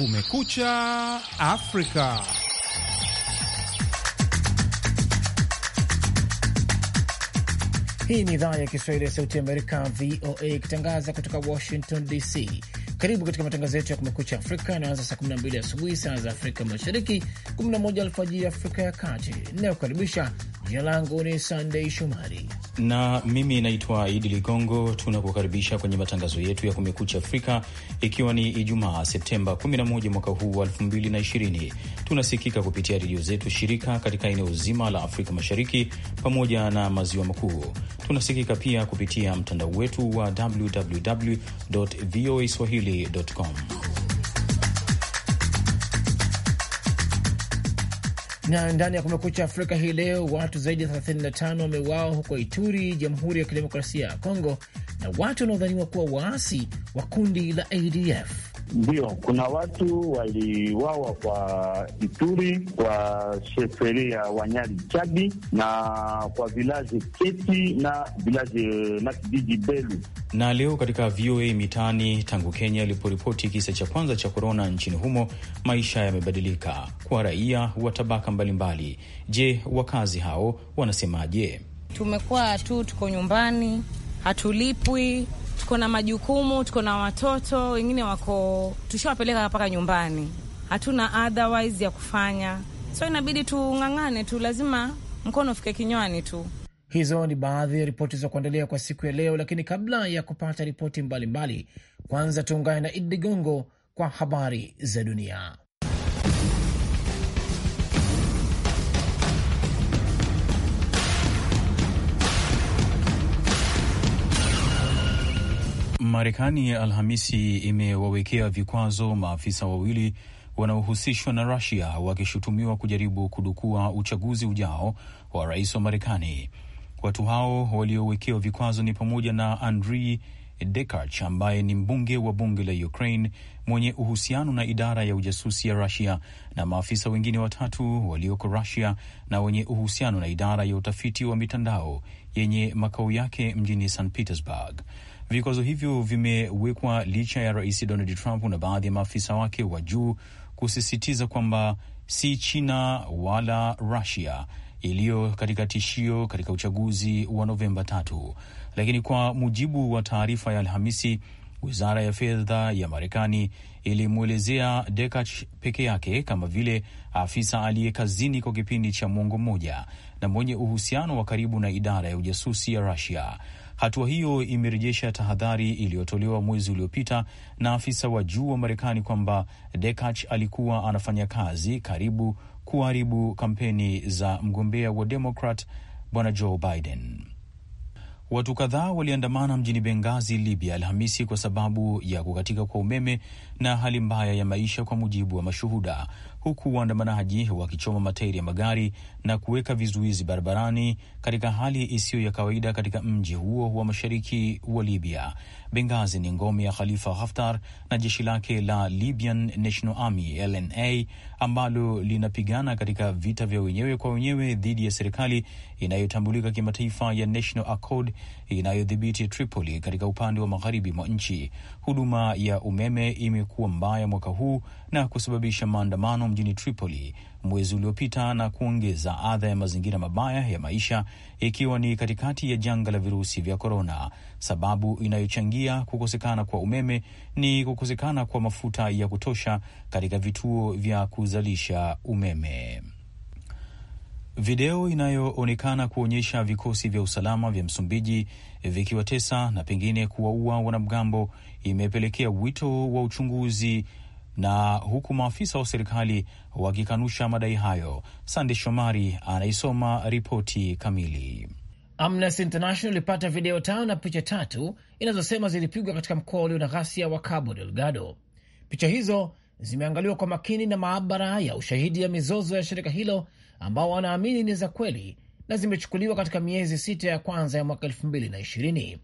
Kumekucha Afrika. Hii ni idhaa ya Kiswahili ya Sauti Amerika, VOA, ikitangaza kutoka Washington DC. Karibu katika matangazo yetu ya Kumekucha Afrika yanaanza saa 12 asubuhi saa za Afrika Mashariki, 11 alfajiri Afrika ya Kati. Inayokaribisha Jina langu ni Sandei Shomari na mimi naitwa Idi Ligongo. Tunakukaribisha kwenye matangazo yetu ya Kumekucha Afrika, ikiwa ni Ijumaa Septemba 11 mwaka huu wa 2020. Tunasikika kupitia redio zetu shirika katika eneo zima la Afrika Mashariki pamoja na maziwa makuu. Tunasikika pia kupitia mtandao wetu wa www voa swahili.com. Na ndani ya Kumekucha Afrika hii leo, watu zaidi ya 35 wameuawa huko Ituri, Jamhuri ya Kidemokrasia ya Kongo, na watu wanaodhaniwa kuwa waasi wa kundi la ADF ndio, kuna watu waliwawa kwa Ituri, kwa sheferi ya Wanyali Chadi, na kwa vilaje Keti na vilaje na kijiji Belu. Na leo katika VOA Mitaani, tangu Kenya iliporipoti kisa cha kwanza cha korona nchini humo, maisha yamebadilika kwa raia wa tabaka mbalimbali. Je, wakazi hao wanasemaje? Tumekuwa tu tuko nyumbani, hatulipwi tuko na majukumu, tuko na watoto wengine wako tushawapeleka mpaka nyumbani, hatuna otherwise ya kufanya, so inabidi tung'ang'ane tu, lazima mkono ufike kinywani tu. Hizo ni baadhi ya ripoti za kuandalia kwa siku ya leo, lakini kabla ya kupata ripoti mbalimbali, kwanza tuungane na Idi Ligongo kwa habari za dunia. Marekani Alhamisi imewawekea vikwazo maafisa wawili wanaohusishwa na Rusia wakishutumiwa kujaribu kudukua uchaguzi ujao wa rais wa Marekani. Watu hao waliowekewa vikwazo ni pamoja na Andrii Dekach ambaye ni mbunge wa bunge la Ukraine mwenye uhusiano na idara ya ujasusi ya Rusia na maafisa wengine watatu walioko Rusia na wenye uhusiano na idara ya utafiti wa mitandao yenye makao yake mjini St Petersburg. Vikwazo hivyo vimewekwa licha ya Rais Donald Trump na baadhi ya maafisa wake wa juu kusisitiza kwamba si China wala Rusia iliyo katika tishio katika uchaguzi wa Novemba tatu. Lakini kwa mujibu wa taarifa ya Alhamisi, wizara ya fedha ya Marekani ilimwelezea Dekach peke yake kama vile afisa aliye kazini kwa kipindi cha mwongo mmoja na mwenye uhusiano wa karibu na idara ya ujasusi ya Rusia. Hatua hiyo imerejesha tahadhari iliyotolewa mwezi uliopita na afisa wa juu wa Marekani kwamba Dekach alikuwa anafanya kazi karibu kuharibu kampeni za mgombea wa Demokrat Bwana Joe Biden. Watu kadhaa waliandamana mjini Bengazi, Libya, Alhamisi kwa sababu ya kukatika kwa umeme na hali mbaya ya maisha, kwa mujibu wa mashuhuda, huku waandamanaji wakichoma matairi ya magari na kuweka vizuizi barabarani katika hali isiyo ya kawaida katika mji huo wa mashariki wa Libya. bengazi ni ngome ya Khalifa Haftar na jeshi lake la Libyan National Army LNA ambalo linapigana katika vita vya wenyewe kwa wenyewe dhidi ya serikali inayotambulika kimataifa ya National Accord inayodhibiti Tripoli katika upande wa magharibi mwa nchi. Huduma ya umeme imekuwa mbaya mwaka huu na kusababisha maandamano mjini Tripoli mwezi uliopita na kuongeza adha ya mazingira mabaya ya maisha ikiwa ni katikati ya janga la virusi vya korona. Sababu inayochangia kukosekana kwa umeme ni kukosekana kwa mafuta ya kutosha katika vituo vya kuzalisha umeme. Video inayoonekana kuonyesha vikosi vya usalama vya Msumbiji vikiwatesa na pengine kuwaua wanamgambo imepelekea wito wa uchunguzi na huku maafisa wa serikali wakikanusha madai hayo. Sande Shomari anaisoma ripoti kamili. Amnesty International ilipata video tano na picha tatu inazosema zilipigwa katika mkoa ulio na ghasia wa Cabo Delgado. Picha hizo zimeangaliwa kwa makini na maabara ya ushahidi ya mizozo ya shirika hilo ambao wanaamini ni za kweli na zimechukuliwa katika miezi sita ya kwanza ya mwaka elfu mbili na ishirini.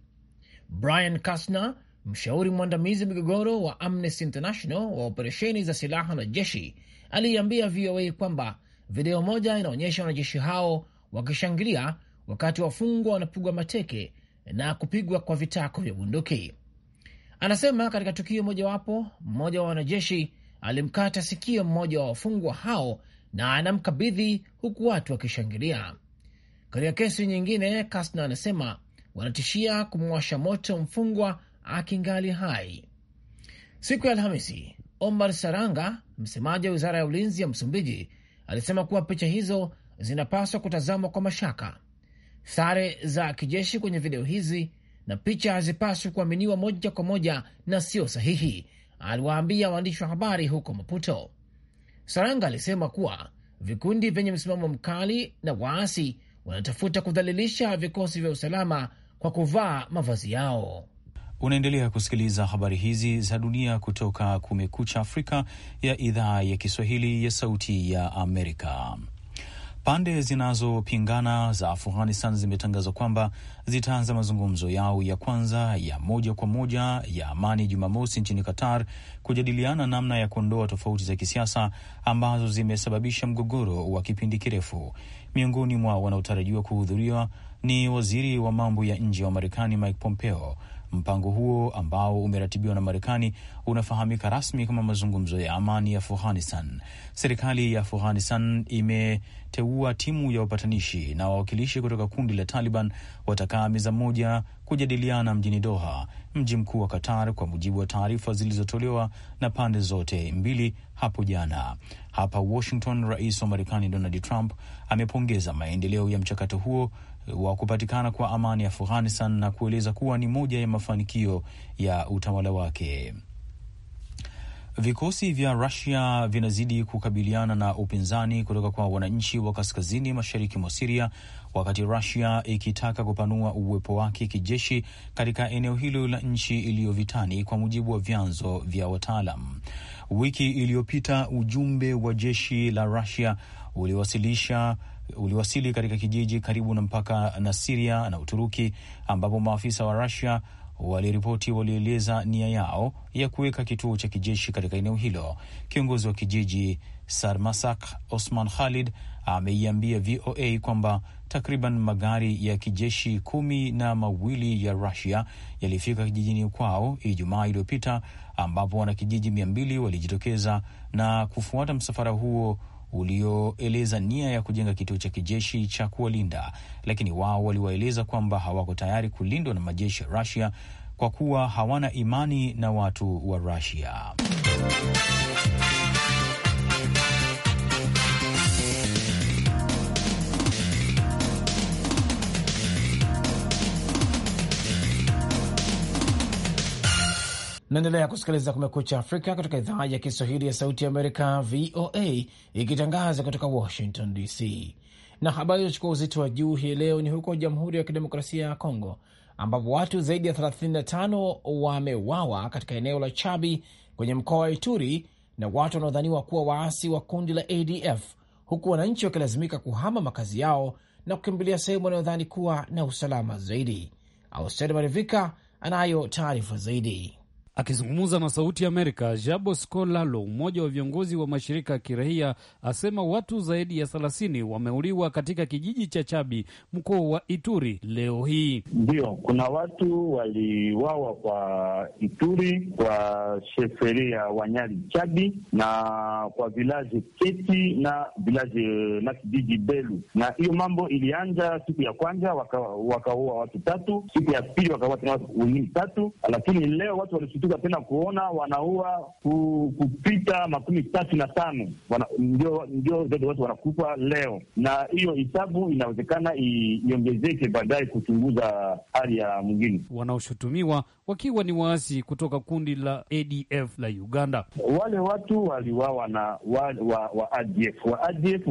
Brian Kastner Mshauri mwandamizi migogoro wa Amnesty International wa operesheni za silaha na jeshi aliiambia VOA kwamba video moja inaonyesha wanajeshi hao wakishangilia wakati wafungwa wanapigwa mateke na kupigwa kwa vitako vya bunduki. Anasema katika tukio mojawapo, mmoja wa wanajeshi alimkata sikio mmoja wa wafungwa hao na anamkabidhi huku watu wakishangilia. Katika kesi nyingine, Kastner anasema wanatishia kumwasha moto mfungwa akingali hai. Siku ya Alhamisi, Omar Saranga, msemaji wa wizara ya ulinzi ya Msumbiji, alisema kuwa picha hizo zinapaswa kutazamwa kwa mashaka. Sare za kijeshi kwenye video hizi na picha hazipaswi kuaminiwa moja kwa moja na sio sahihi, aliwaambia waandishi wa habari huko Maputo. Saranga alisema kuwa vikundi vyenye msimamo mkali na waasi wanatafuta kudhalilisha vikosi vya usalama kwa kuvaa mavazi yao. Unaendelea kusikiliza habari hizi za dunia kutoka Kumekucha Afrika ya idhaa ya Kiswahili ya Sauti ya Amerika. Pande zinazopingana za Afghanistan zimetangaza kwamba zitaanza mazungumzo yao ya kwanza ya moja kwa moja ya amani Jumamosi nchini Qatar kujadiliana namna ya kuondoa tofauti za kisiasa ambazo zimesababisha mgogoro wa kipindi kirefu. Miongoni mwa wanaotarajiwa kuhudhuriwa ni waziri wa mambo ya nje wa Marekani Mike Pompeo Mpango huo ambao umeratibiwa na Marekani unafahamika rasmi kama mazungumzo ya amani ya Afghanistan. Serikali ya Afghanistan imeteua timu ya upatanishi na wawakilishi kutoka kundi la Taliban watakaa meza moja kujadiliana mjini Doha, mji mkuu wa Qatar, kwa mujibu wa taarifa zilizotolewa na pande zote mbili hapo jana. Hapa Washington, rais wa Marekani Donald Trump amepongeza maendeleo ya mchakato huo wa kupatikana kwa amani Afghanistan na kueleza kuwa ni moja ya mafanikio ya utawala wake. Vikosi vya Rusia vinazidi kukabiliana na upinzani kutoka kwa wananchi wa kaskazini mashariki mwa Siria wakati Rusia ikitaka kupanua uwepo wake kijeshi katika eneo hilo la nchi iliyo vitani, kwa mujibu wa vyanzo vya wataalam. Wiki iliyopita ujumbe wa jeshi la Rusia uliwasilisha uliwasili katika kijiji karibu na mpaka na Siria na Uturuki, ambapo maafisa wa Rusia waliripoti walieleza nia yao ya kuweka kituo cha kijeshi katika eneo hilo. Kiongozi wa kijiji Sarmasak, Osman Khalid, ameiambia VOA kwamba takriban magari ya kijeshi kumi na mawili ya Rusia yalifika kijijini kwao Ijumaa iliyopita, ambapo wanakijiji mia mbili walijitokeza na kufuata msafara huo ulioeleza nia ya kujenga kituo cha kijeshi cha kuwalinda, lakini wao waliwaeleza kwamba hawako tayari kulindwa na majeshi ya Rusia kwa kuwa hawana imani na watu wa Rusia. Naendelea kusikiliza Kumekucha Afrika kutoka idhaa ya Kiswahili ya Sauti ya Amerika, VOA, ikitangaza kutoka Washington DC. Na habari iliyochukua uzito wa juu hii leo ni huko Jamhuri ya Kidemokrasia ya Kongo, ambapo watu zaidi ya 35 wameuawa katika eneo la Chabi kwenye mkoa wa Ituri na watu wanaodhaniwa kuwa waasi wa kundi la ADF, huku wananchi wakilazimika kuhama makazi yao na kukimbilia sehemu wanayodhani kuwa na usalama zaidi. Auseri Marivika anayo taarifa zaidi. Akizungumza na Sauti ya Amerika, Jabo Scolalo, mmoja wa viongozi wa mashirika ya kiraia, asema watu zaidi ya thelathini wameuliwa katika kijiji cha Chabi, mkoa wa Ituri leo hii. Ndio, kuna watu waliwawa kwa Ituri, kwa sheferi ya Wanyali Chabi, na kwa vilaje Keti na vilaje na kijiji Belu. Na hiyo mambo ilianja siku ya kwanza, wakaua waka watu tatu, siku ya pili wakaua tena watu wengine tatu, lakini leo watu wali tena kuona wanaua kupita makumi tatu na tano ndio zaidi watu wanakufa leo, na hiyo hisabu inawezekana iongezeke baadaye kuchunguza hali ya mwingine wanaoshutumiwa wakiwa ni waasi kutoka kundi la ADF la Uganda. Wale watu waliwawa na waadf wa, wa ADF wa ADF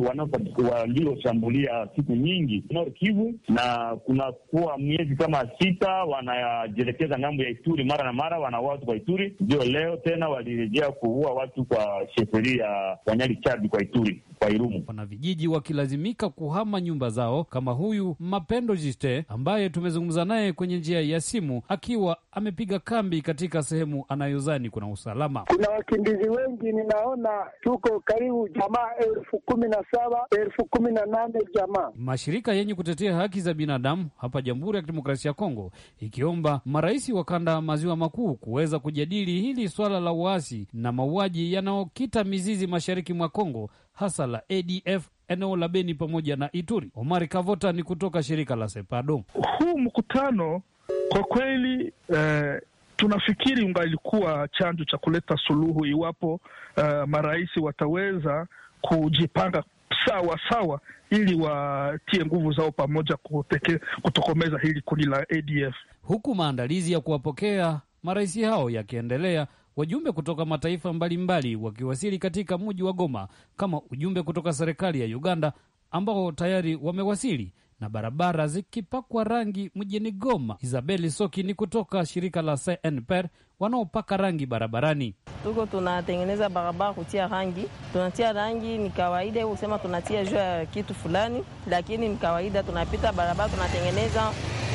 walioshambulia siku nyingi Nord Kivu, na kunakuwa miezi kama sita wanajielekeza ngambo ya Ituri, mara na mara wana watu kwa Ituri. Ndio leo tena walirejea kuua watu kwa sheferi ya Wanyali Chabi kwa Ituri kwa Irumu. Wanavijiji wakilazimika kuhama nyumba zao, kama huyu Mapendo Jiste ambaye tumezungumza naye kwenye njia ya simu, akiwa amepiga kambi katika sehemu anayozani kuna usalama. Kuna wakimbizi wengi, ninaona tuko karibu jamaa elfu kumi na saba elfu kumi na nane jamaa. Mashirika yenye kutetea haki za binadamu hapa Jamhuri ya Kidemokrasia ya Kongo ikiomba marais wa kanda ya maziwa makuu kuweza kujadili hili swala la uasi na mauaji yanayokita mizizi mashariki mwa Kongo hasa la ADF eneo la Beni pamoja na Ituri. Omar Kavota ni kutoka shirika la Sepado. Huu mkutano kwa kweli eh, tunafikiri ungalikuwa chanjo cha kuleta suluhu iwapo eh, marais wataweza kujipanga sawa sawa ili watie nguvu zao pamoja kuteke, kutokomeza hili kundi la ADF, huku maandalizi ya kuwapokea marais hao yakiendelea wajumbe kutoka mataifa mbalimbali wakiwasili katika mji wa Goma kama ujumbe kutoka serikali ya Uganda ambao tayari wamewasili na barabara zikipakwa rangi mjini Goma. Isabeli Soki ni kutoka shirika la CNPR wanaopaka rangi barabarani. Tuko tunatengeneza barabara kutia rangi, tunatia rangi ni kawaida, usema tunatia juu ya kitu fulani, lakini ni kawaida, tunapita barabara, tunatengeneza,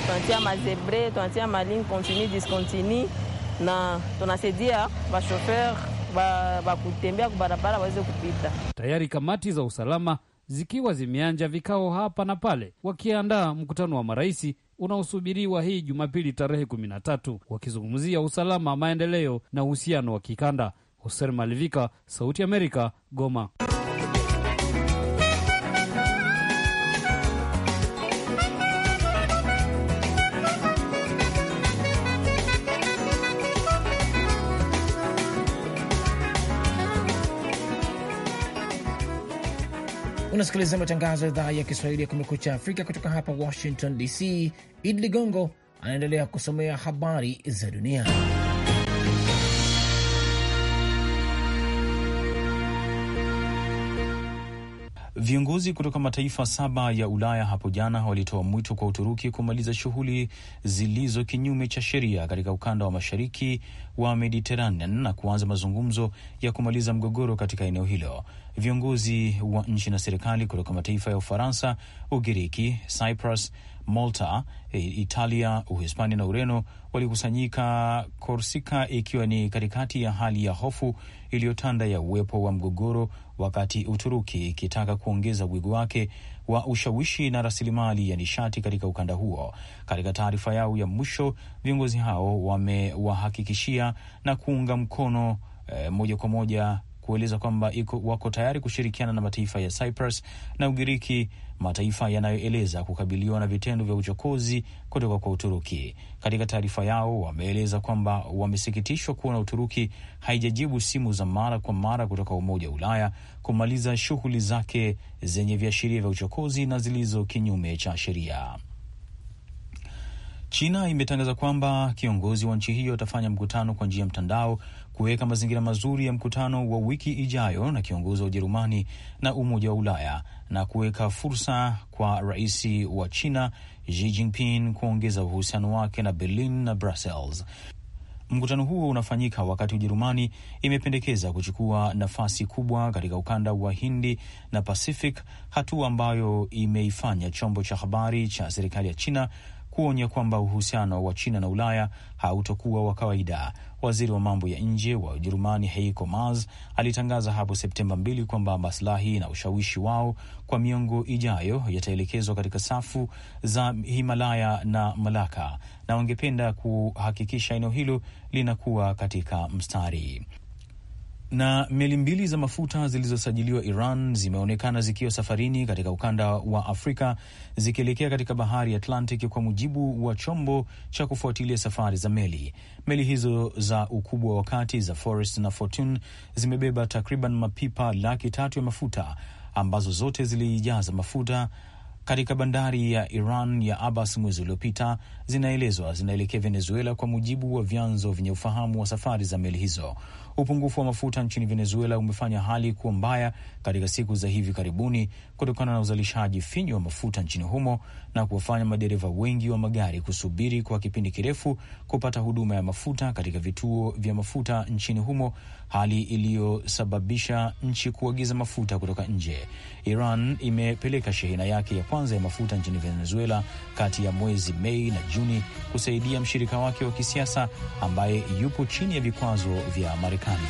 tunatia mazebre, tunatia malin kontinu diskontinu na tunasaidia bashofer bakutembea ba kubarabara waweze kupita. Tayari kamati za usalama zikiwa zimeanja vikao hapa na pale, wakiandaa mkutano wa marais unaosubiriwa hii Jumapili tarehe kumi na tatu, wakizungumzia usalama, maendeleo na uhusiano wa kikanda. Hoser Malivika, Sauti Amerika, Goma. Unasikiliza matangazo ya idhaa ya Kiswahili ya Kumekucha Afrika kutoka hapa Washington DC. Idi Ligongo anaendelea kusomea habari za dunia. Viongozi kutoka mataifa saba ya Ulaya hapo jana walitoa mwito kwa Uturuki kumaliza shughuli zilizo kinyume cha sheria katika ukanda wa mashariki wa Mediteranean na kuanza mazungumzo ya kumaliza mgogoro katika eneo hilo. Viongozi wa nchi na serikali kutoka mataifa ya Ufaransa, Ugiriki, Cyprus, Malta, eh, Italia, Uhispania na Ureno walikusanyika Korsika, ikiwa ni katikati ya hali ya hofu iliyotanda ya uwepo wa mgogoro, wakati Uturuki ikitaka kuongeza wigo wake wa ushawishi na rasilimali ya nishati katika ukanda huo. Katika taarifa yao ya mwisho, viongozi hao wamewahakikishia na kuunga mkono eh, moja kwa moja kueleza kwamba wako tayari kushirikiana na mataifa ya Cyprus na Ugiriki mataifa yanayoeleza kukabiliwa na vitendo vya uchokozi kutoka kwa Uturuki. Katika taarifa yao, wameeleza kwamba wamesikitishwa kuona Uturuki haijajibu simu za mara kwa mara kutoka Umoja wa Ulaya kumaliza shughuli zake zenye viashiria vya uchokozi na zilizo kinyume cha sheria. China imetangaza kwamba kiongozi wa nchi hiyo atafanya mkutano kwa njia ya mtandao kuweka mazingira mazuri ya mkutano wa wiki ijayo na kiongozi wa Ujerumani na Umoja wa Ulaya na kuweka fursa kwa rais wa China Xi Jinping kuongeza uhusiano wake na Berlin na Brussels. Mkutano huo unafanyika wakati Ujerumani imependekeza kuchukua nafasi kubwa katika ukanda wa Hindi na Pacific, hatua ambayo imeifanya chombo cha habari cha serikali ya China kuonya kwamba uhusiano wa China na Ulaya hautokuwa wa kawaida. Waziri wa mambo ya nje wa Ujerumani Heiko Maas alitangaza hapo Septemba mbili kwamba maslahi na ushawishi wao kwa miongo ijayo yataelekezwa katika safu za Himalaya na Malaka na wangependa kuhakikisha eneo hilo linakuwa katika mstari na meli mbili za mafuta zilizosajiliwa Iran zimeonekana zikiwa safarini katika ukanda wa Afrika zikielekea katika bahari Atlantic, kwa mujibu wa chombo cha kufuatilia safari za meli. Meli hizo za ukubwa wa kati za Forest na Fortune zimebeba takriban mapipa laki tatu ya mafuta ambazo zote zilijaza mafuta katika bandari ya Iran ya Abbas mwezi uliopita, zinaelezwa zinaelekea Venezuela, kwa mujibu wa vyanzo vyenye ufahamu wa safari za meli hizo. Upungufu wa mafuta nchini Venezuela umefanya hali kuwa mbaya katika siku za hivi karibuni kutokana na uzalishaji finyu wa mafuta nchini humo na kuwafanya madereva wengi wa magari kusubiri kwa kipindi kirefu kupata huduma ya mafuta katika vituo vya mafuta nchini humo, hali iliyosababisha nchi kuagiza mafuta kutoka nje. Iran imepeleka shehena yake ya kwanza ya mafuta nchini Venezuela kati ya mwezi Mei na Juni kusaidia mshirika wake wa kisiasa ambaye yupo chini ya vikwazo vya Marekani. Marekani.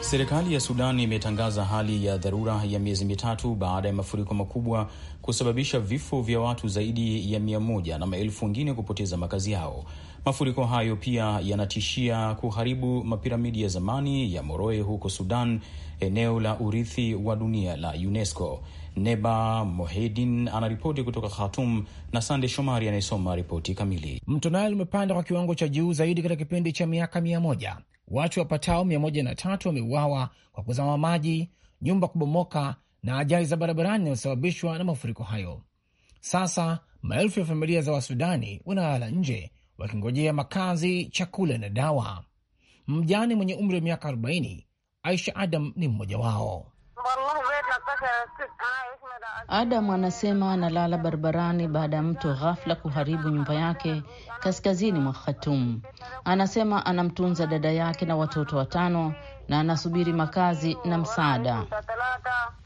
Serikali ya Sudan imetangaza hali ya dharura ya miezi mitatu baada ya mafuriko makubwa kusababisha vifo vya watu zaidi ya mia moja na maelfu wengine kupoteza makazi yao. Mafuriko hayo pia yanatishia kuharibu mapiramidi ya zamani ya Moroe huko Sudan, eneo la urithi wa dunia la UNESCO. Neba Mohedin anaripoti kutoka Khartum na Sande Shomari anayesoma ripoti kamili. Mto Nile umepanda kwa kiwango cha juu zaidi katika kipindi cha miaka mia moja. Watu wapatao mia moja na tatu wameuawa kwa kuzama maji, nyumba kubomoka na ajali za barabarani inayosababishwa na mafuriko hayo. Sasa maelfu ya familia za Wasudani wanalala nje wakingojea makazi, chakula na dawa. Mjane mwenye umri wa miaka 40 Aisha Adam ni mmoja wao. Adam anasema analala barabarani baada ya mtu ghafla kuharibu nyumba yake kaskazini mwa khatum Anasema anamtunza dada yake na watoto watano na anasubiri makazi na msaada.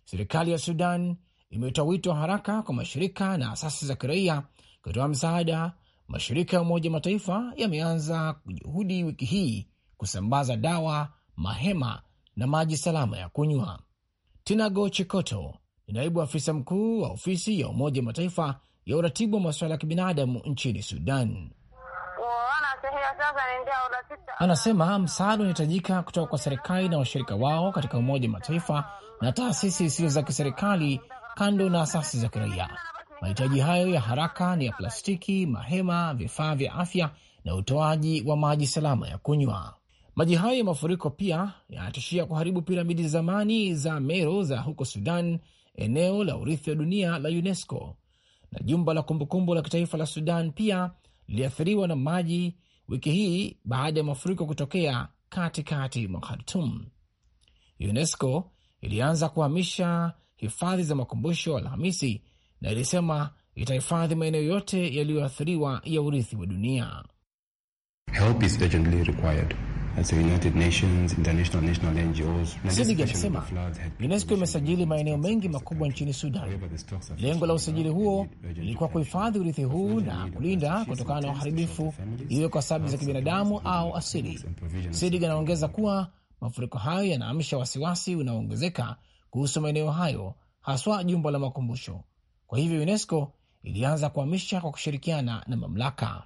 Serikali ya Sudan imetoa wito haraka kwa mashirika na asasi za kiraia kutoa msaada. Mashirika ya Umoja Mataifa yameanza juhudi wiki hii kusambaza dawa, mahema na maji salama ya kunywa. Tinago Chikoto ni naibu afisa mkuu wa ofisi ya Umoja Mataifa ya uratibu wa masuala ya kibinadamu nchini Sudan. Anasema msaada unahitajika kutoka kwa serikali na washirika wao katika Umoja Mataifa na taasisi zisizo za kiserikali, kando na asasi za kiraia. Mahitaji hayo ya haraka ni ya plastiki, mahema, vifaa vya afya na utoaji wa maji salama ya kunywa. Maji hayo ya mafuriko pia yanatishia kuharibu piramidi zamani za Mero za huko Sudan, eneo la urithi wa dunia la UNESCO na jumba la kumbukumbu la kitaifa la Sudan pia liliathiriwa na maji wiki hii baada ya mafuriko kutokea katikati mwa Khartum. UNESCO ilianza kuhamisha hifadhi za makumbusho Alhamisi na ilisema itahifadhi maeneo yote yaliyoathiriwa ya urithi wa dunia. Help is urgently required. Sidigi alisema UNESCO imesajili maeneo mengi makubwa nchini Sudan. Lengo la usajili huo lilikuwa kuhifadhi urithi huu na kulinda kutokana na uharibifu, iwe kwa sababu za kibinadamu au asili. Sidigi anaongeza kuwa mafuriko hayo yanaamsha wasiwasi unaoongezeka kuhusu maeneo hayo, haswa jumba la makumbusho. Kwa hivyo UNESCO ilianza kuhamisha kwa kushirikiana na mamlaka.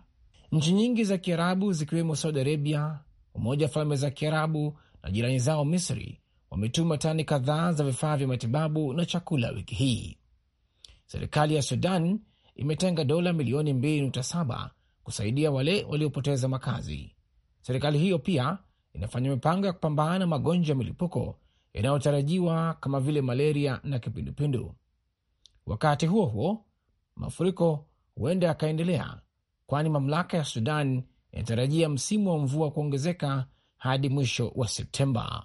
Nchi nyingi za Kiarabu zikiwemo Saudi Arabia, Umoja wa Falme za Kiarabu na jirani zao Misri wametuma tani kadhaa za vifaa vya matibabu na chakula wiki hii. Serikali ya Sudan imetenga dola milioni 2.7 kusaidia wale waliopoteza makazi. Serikali hiyo pia inafanya mipango ya kupambana na magonjwa ya milipuko yanayotarajiwa kama vile malaria na kipindupindu. Wakati huo huo, mafuriko huenda yakaendelea, kwani mamlaka ya Sudan inatarajia msimu wa mvua kuongezeka hadi mwisho wa Septemba.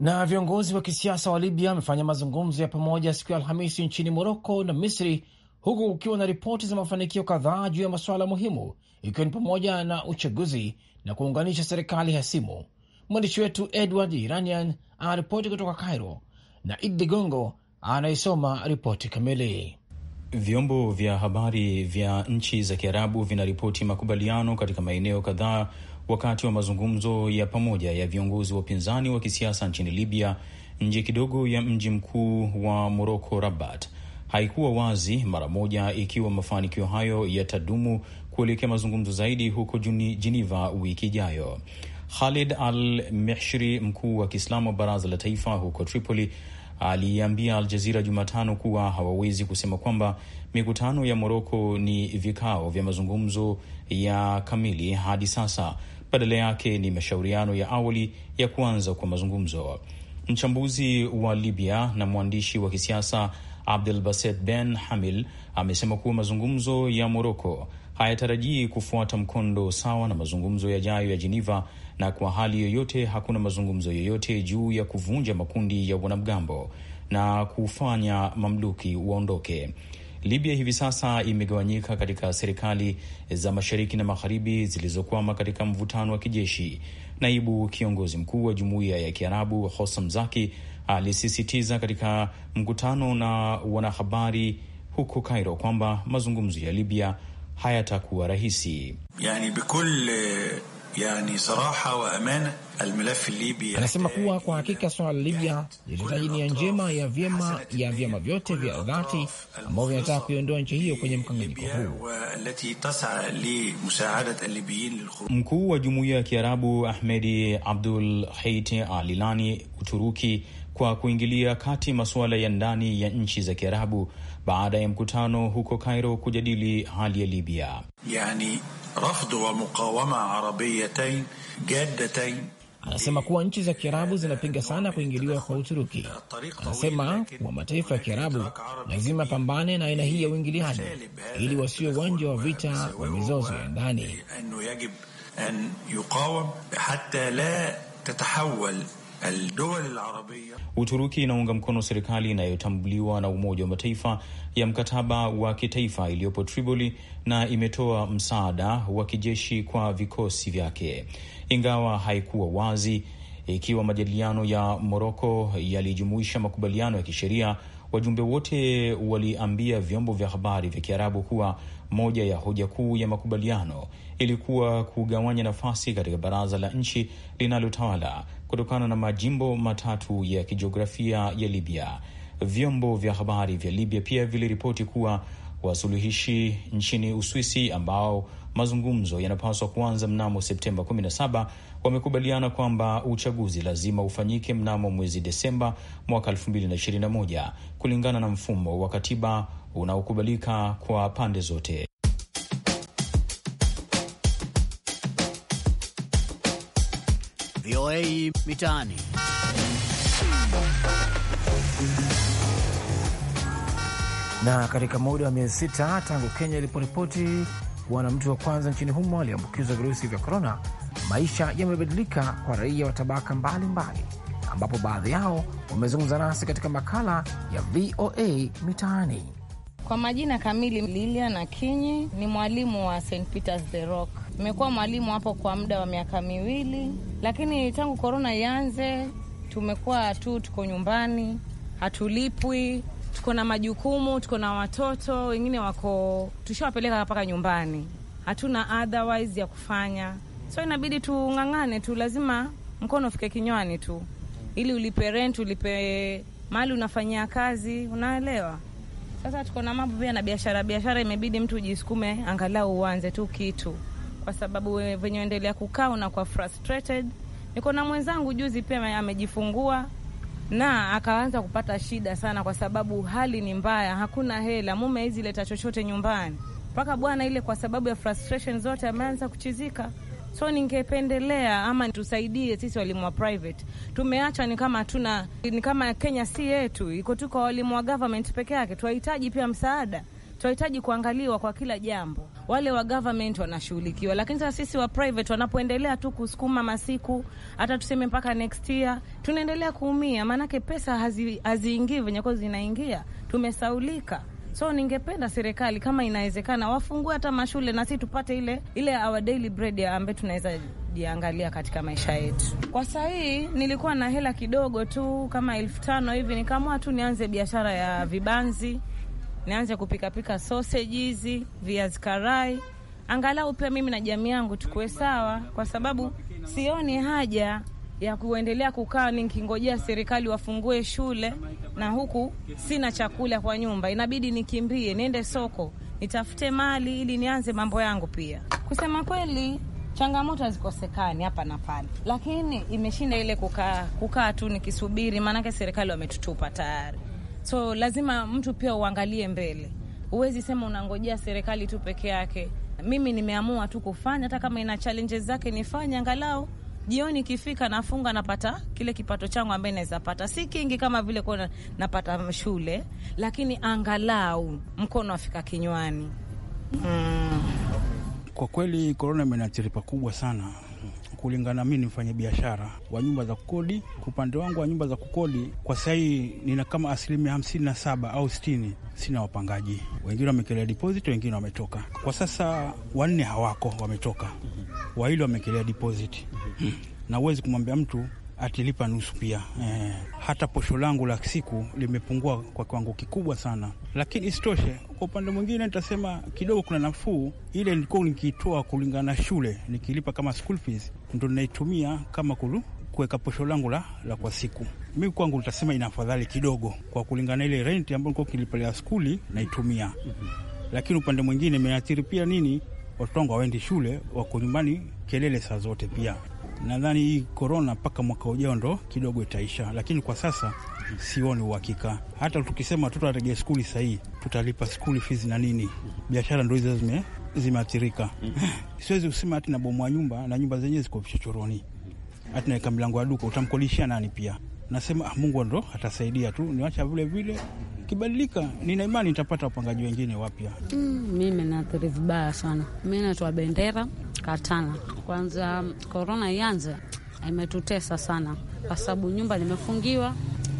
Na viongozi wa kisiasa wa Libya wamefanya mazungumzo ya pamoja siku ya Alhamisi nchini Moroko na Misri, huku kukiwa na ripoti za mafanikio kadhaa juu ya masuala muhimu, ikiwa ni pamoja na uchaguzi na kuunganisha serikali hasimu. Mwandishi wetu Edward Iranian anaripoti kutoka Cairo na Idi Gongo anayesoma ripoti kamili. Vyombo vya habari vya nchi za Kiarabu vinaripoti makubaliano katika maeneo kadhaa wakati wa mazungumzo ya pamoja ya viongozi wa upinzani wa kisiasa nchini Libya nje kidogo ya mji mkuu wa Moroko, Rabat. Haikuwa wazi mara moja ikiwa mafanikio hayo yatadumu kuelekea mazungumzo zaidi huko Geneva wiki ijayo. Khalid al-Mehshri, mkuu wa Kiislamu wa Baraza la Taifa huko Tripoli, aliambia Al Jazira Jumatano kuwa hawawezi kusema kwamba mikutano ya Moroko ni vikao vya mazungumzo ya kamili hadi sasa, badala yake ni mashauriano ya awali ya kuanza kwa mazungumzo. Mchambuzi wa Libya na mwandishi wa kisiasa Abdul Baset Ben Hamil amesema kuwa mazungumzo ya Moroko hayatarajii kufuata mkondo sawa na mazungumzo yajayo ya Geneva, na kwa hali yoyote hakuna mazungumzo yoyote juu ya kuvunja makundi ya wanamgambo na kufanya mamluki waondoke. Libya hivi sasa imegawanyika katika serikali za mashariki na magharibi zilizokwama katika mvutano wa kijeshi. Naibu kiongozi mkuu wa jumuiya ya Kiarabu Hossam Zaki alisisitiza katika mkutano na wanahabari huko Cairo kwamba mazungumzo ya Libya hayatakuwa rahisi. Yani bikul yani saraha wa amana Anasema kuwa kwa hakika suala la Libya lilihitaji nia njema ya vyema ya vyama vyote vya dhati ambao vinataka kuiondoa nchi hiyo kwenye mkanganyiko huu. Mkuu wa jumuiya ya Kiarabu Ahmedi Abdul Heiti alilani Uturuki kwa kuingilia kati masuala ya ndani ya nchi za Kiarabu baada ya mkutano huko Cairo kujadili hali ya Libya. Yani, rafdu wa arabiyatain jaddatain Anasema kuwa nchi za Kiarabu zinapinga sana kuingiliwa kwa Uturuki. Anasema kuwa mataifa ya Kiarabu lazima pambane na aina hii ya uingiliaji ili wasiwe uwanja wa vita wa mizozo ya ndani. Uturuki inaunga mkono serikali inayotambuliwa na Umoja wa Mataifa ya mkataba wa kitaifa iliyopo Tripoli na imetoa msaada wa kijeshi kwa vikosi vyake, ingawa haikuwa wazi ikiwa majadiliano ya Moroko yalijumuisha makubaliano ya kisheria. Wajumbe wote waliambia vyombo vya habari vya Kiarabu kuwa moja ya hoja kuu ya makubaliano ilikuwa kugawanya nafasi katika baraza la nchi linalotawala kutokana na majimbo matatu ya kijiografia ya Libya. Vyombo vya habari vya Libya pia viliripoti kuwa wasuluhishi nchini Uswisi ambao mazungumzo yanapaswa kuanza mnamo Septemba 17 wamekubaliana kwamba uchaguzi lazima ufanyike mnamo mwezi Desemba mwaka 2021 kulingana na mfumo wa katiba unaokubalika kwa pande zote. VOA Mitaani. Na katika muda wa miezi sita tangu Kenya iliporipoti kuwa na mtu wa kwanza nchini humo aliyeambukizwa virusi vya korona, maisha yamebadilika kwa raia wa tabaka mbalimbali, ambapo baadhi yao wamezungumza nasi katika makala ya VOA Mitaani. Kwa majina kamili Lilia na Kinyi, ni mwalimu wa St Peters the Rock. Nimekuwa mwalimu hapo kwa muda wa miaka miwili, lakini tangu korona ianze tumekuwa tu tuko nyumbani, hatulipwi, tuko na majukumu, tuko na watoto wengine wako tushawapeleka mpaka nyumbani, hatuna otherwise ya kufanya, so inabidi tung'ang'ane tu, lazima mkono ufike kinywani tu, ili ulipe rent, ulipe mali unafanyia kazi, unaelewa sasa tuko na mambo pia na biashara. Biashara imebidi mtu ujisukume, angalau uanze tu kitu, kwa sababu venye endelea kukaa unakuwa frustrated. Niko na mwenzangu juzi pia amejifungua na akaanza kupata shida sana, kwa sababu hali ni mbaya, hakuna hela, mume hizi leta chochote nyumbani, mpaka bwana ile, kwa sababu ya frustration zote ameanza kuchizika. So ningependelea ama tusaidie sisi walimu wa private, tumeachwa ni kama tuna ni kama Kenya si yetu, iko tu kwa walimu wa government peke yake. Tunahitaji pia msaada, tunahitaji kuangaliwa kwa kila jambo. Wale wa government wanashughulikiwa, lakini sasa sisi wa private wanapoendelea tu kusukuma masiku, hata tuseme mpaka next year, tunaendelea kuumia, maanake pesa haziingii venye zinaingia, tumesaulika. So ningependa serikali kama inawezekana wafungue hata mashule na si tupate ile ile our daily bread ambayo tunaweza jiangalia katika maisha yetu. Kwa saa hii nilikuwa na hela kidogo tu kama elfu tano hivi, nikaamua tu nianze biashara ya vibanzi, nianze kupikapika sosejizi, viazi karai, angalau pia mimi na jamii yangu tukuwe sawa, kwa sababu sioni haja ya kuendelea kukaa nikingojea serikali wafungue shule, na huku sina chakula kwa nyumba, inabidi nikimbie niende soko nitafute mali ili nianze mambo yangu. Pia kusema kweli, changamoto hazikosekani hapa na pale, lakini imeshinda ile kukaa kukaa tu nikisubiri, maanake serikali wametutupa tayari. So lazima mtu pia uangalie mbele, huwezi sema unangojea serikali tu peke yake. Mimi nimeamua tu kufanya, hata kama ina challenges zake, nifanye angalau jioni ikifika nafunga, napata kile kipato changu ambaye naweza pata, si kingi kama vile kuwa napata shule, lakini angalau mkono afika kinywani. Mm. Kwa kweli korona imeathiri pakubwa sana kulingana mi ni mfanya biashara wa nyumba za kukodi. Kwa upande wangu wa nyumba za kukodi, kwa sasa hii nina kama asilimia hamsini na saba au sitini sina wapangaji. Wengine wamekelea deposit, wengine wametoka. Kwa sasa wanne hawako, wametoka. mm -hmm wawili wamekelea deposit mhm. na uwezi kumwambia mtu atilipa nusu pia eh. Hata posho langu la siku limepungua kwa kiwango kikubwa sana, lakini isitoshe, kwa upande mwingine nitasema kidogo kuna nafuu. Ile nilikuwa nikitoa kulingana na shule nikilipa kama school fees, ndo naitumia kama kulu kuweka posho langu la, la kwa siku. Mi kwangu nitasema ina afadhali kidogo kwa kulingana ile renti ambayo nilikuwa nikilipia skuli naitumia, mhm. lakini upande mwingine imeathiri pia nini watoto wangu shule, wako nyumbani, kelele saa zote. Pia nadhani hii korona mpaka mwaka ujao ndo kidogo itaisha, lakini kwa sasa sioni uhakika. Hata tukisema watoto waregee skuli sahii, tutalipa skuli fizi na nini? Biashara ndo hizo zime zimeathirika. Mm-hmm. Siwezi kusema hati nabomwa nyumba na nyumba zenyewe ziko vichochoroni, hati naweka mlango wa duka, utamkodishia nani? Pia nasema ah, Mungu ndo atasaidia tu, niwacha vile vile kibadilika. Nina imani nitapata wapangaji wengine wapya. Mm, mimi naathiri vibaya sana. Mi naitwa Bendera Katana. Kwanza korona ianze, imetutesa sana kwa sababu nyumba limefungiwa,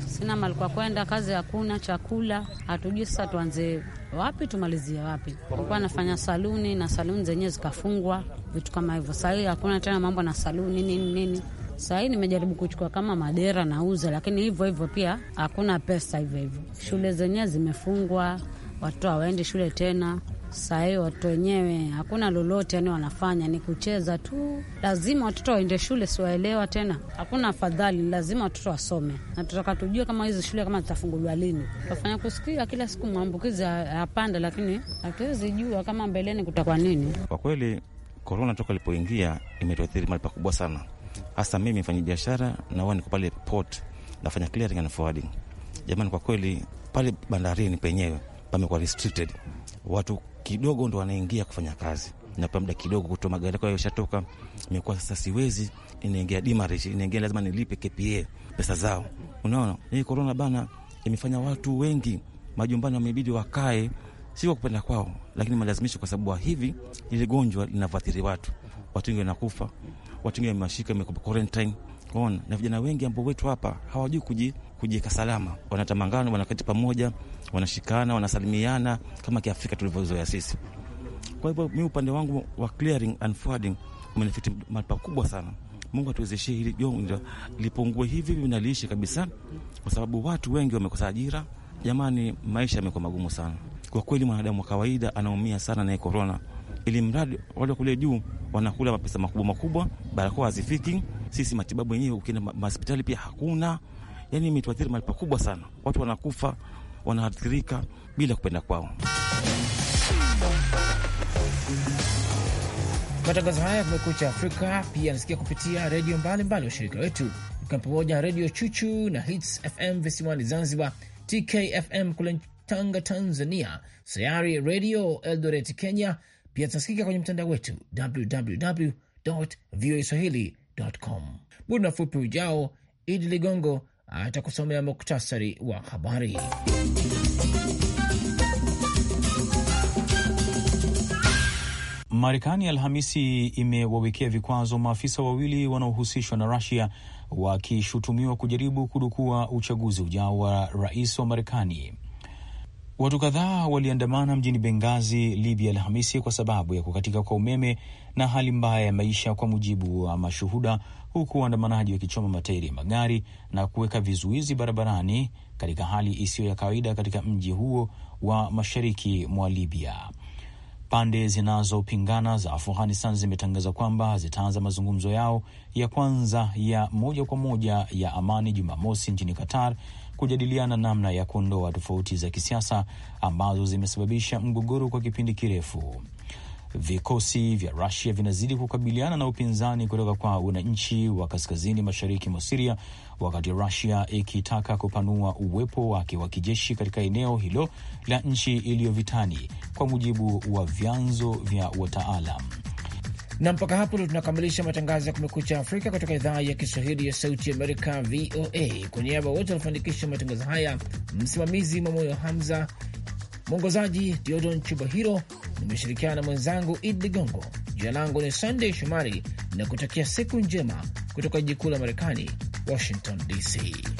sina mali kwa kwenda, kazi hakuna, chakula hatujui sasa tuanze wapi tumalizie wapi. Nilikuwa nafanya saluni na saluni zenyewe zikafungwa, vitu kama hivyo. Sahii hakuna tena mambo na saluni nini nini Sahii nimejaribu kuchukua kama madera nauza, lakini hivyo hivyo pia hakuna pesa. Hivyo hivyo shule zenyewe zimefungwa, watoto hawaendi shule tena. Sahii watoto wenyewe hakuna lolote, yani wanafanya ni kucheza tu. Lazima watoto waende shule, siwaelewa tena, hakuna afadhali, lazima watoto wasome, na tutaka tujue kama hizi shule kama zitafunguliwa lini. Tafanya kusikia kila siku maambukizi yapanda, lakini hatuwezi jua kama mbeleni kutakuwa nini. Kwa kweli korona toka ilipoingia imetuathiri mali pakubwa sana hasa mimi mfanya biashara na huwa niko pale port nafanya clearing and forwarding. Jamani, kwa kweli pale bandarini penyewe pamekuwa restricted, watu kidogo ndo wanaingia kufanya kazi na napa muda kidogo kutoa magari kwa yashatoka. Imekuwa sasa, siwezi inaingia dimarish, inaingia lazima nilipe KPA pesa zao. Unaona hii corona bana imefanya watu wengi majumbani wamebidi wakae, si kwa kupenda kwao, lakini malazimisho, kwa sababu hivi ile gonjwa linavathiri watu, watu wengi wanakufa watu wamewashika wamemashika wamekupa quarantine. na vijana wengi ambao wetu hapa hawajui kuji kujiweka salama, wanatamangana, wanakati pamoja, wanashikana, wanasalimiana kama kiafrika tulivyozoea sisi. Kwa hivyo mi upande wangu wa clearing and forwarding umenifiti mapa kubwa sana. Mungu atuwezeshie hili jongo lipungue hivi hivi kabisa, kwa sababu watu wengi wamekosa ajira. Jamani, maisha yamekuwa magumu sana kwa kweli. Mwanadamu wa kawaida anaumia sana naye korona ili mradi wale kule juu wanakula mapesa makubwa makubwa, barakoa hazifiki. Sisi matibabu yenyewe ukienda mahospitali pia hakuna. Yani imetuathiri mali pakubwa sana, watu wanakufa, wanaathirika bila kupenda kwao. Matangazo haya kumekuu Kumekucha Afrika pia yanasikia kupitia redio mbalimbali washirika wetu, ikiwa pamoja Redio Chuchu na Hits FM visiwani Zanzibar, TKFM kule Tanga Tanzania, Sayari Redio Eldoret Kenya, pia tunasikika kwenye mtandao wetu www voa swahilicom. Muda mfupi ujao, Idi Ligongo atakusomea muktasari wa habari. Marekani Alhamisi imewawekea vikwazo maafisa wawili wanaohusishwa na Rusia wakishutumiwa kujaribu kudukua uchaguzi ujao wa rais wa Marekani. Watu kadhaa waliandamana mjini Bengazi, Libya, Alhamisi kwa sababu ya kukatika kwa umeme na hali mbaya ya maisha, kwa mujibu wa mashuhuda, huku waandamanaji wakichoma matairi ya magari na kuweka vizuizi barabarani katika hali isiyo ya kawaida katika mji huo wa mashariki mwa Libya. Pande zinazopingana za Afghanistan zimetangaza kwamba zitaanza mazungumzo yao ya kwanza ya moja kwa moja ya amani Jumamosi nchini Qatar kujadiliana namna ya kuondoa tofauti za kisiasa ambazo zimesababisha mgogoro kwa kipindi kirefu. Vikosi vya Rusia vinazidi kukabiliana na upinzani kutoka kwa wananchi wa kaskazini mashariki mwa Siria, wakati Rusia ikitaka kupanua uwepo wake wa kijeshi katika eneo hilo la nchi iliyovitani, kwa mujibu wa vyanzo vya wataalam. Na mpaka hapo ndio tunakamilisha matangazo ya Kumekucha Afrika kutoka idhaa ya Kiswahili ya Sauti Amerika, VOA. Kwa niaba wote wanafanikisha matangazo haya, msimamizi Mamoyo Hamza, mwongozaji Diodon Chubahiro, nimeshirikiana na mwenzangu Id Ligongo. Jina langu ni Sandey Shomari na kutakia siku njema kutoka jiji kuu la Marekani, Washington DC.